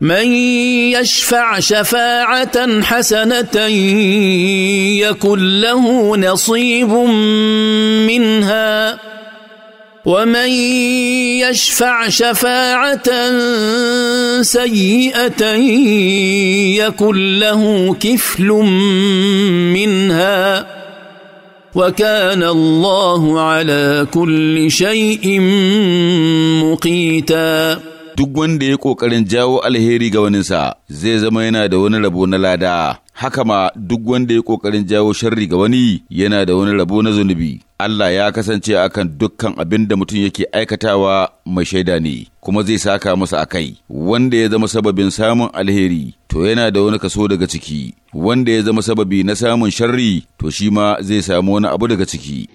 من يشفع شفاعه حسنه يكن له نصيب منها ومن يشفع شفاعه سيئه يكن له كفل منها وكان الله على كل شيء مقيتاً duk wanda ya ƙoƙarin jawo alheri ga waninsa zai zama yana da wani rabo na lada, haka ma duk wanda ya ƙoƙarin jawo sharri ga wani yana da wani rabo na zunubi. Allah ya kasance akan dukkan abin da mutum yake aikatawa mai shaida ne, kuma zai saka masa a kai, wanda ya zama sababin samun alheri, to yana da wani kaso daga ciki, wanda ya zama sababi na samun sharri, to shi ma zai samu wani abu daga ciki.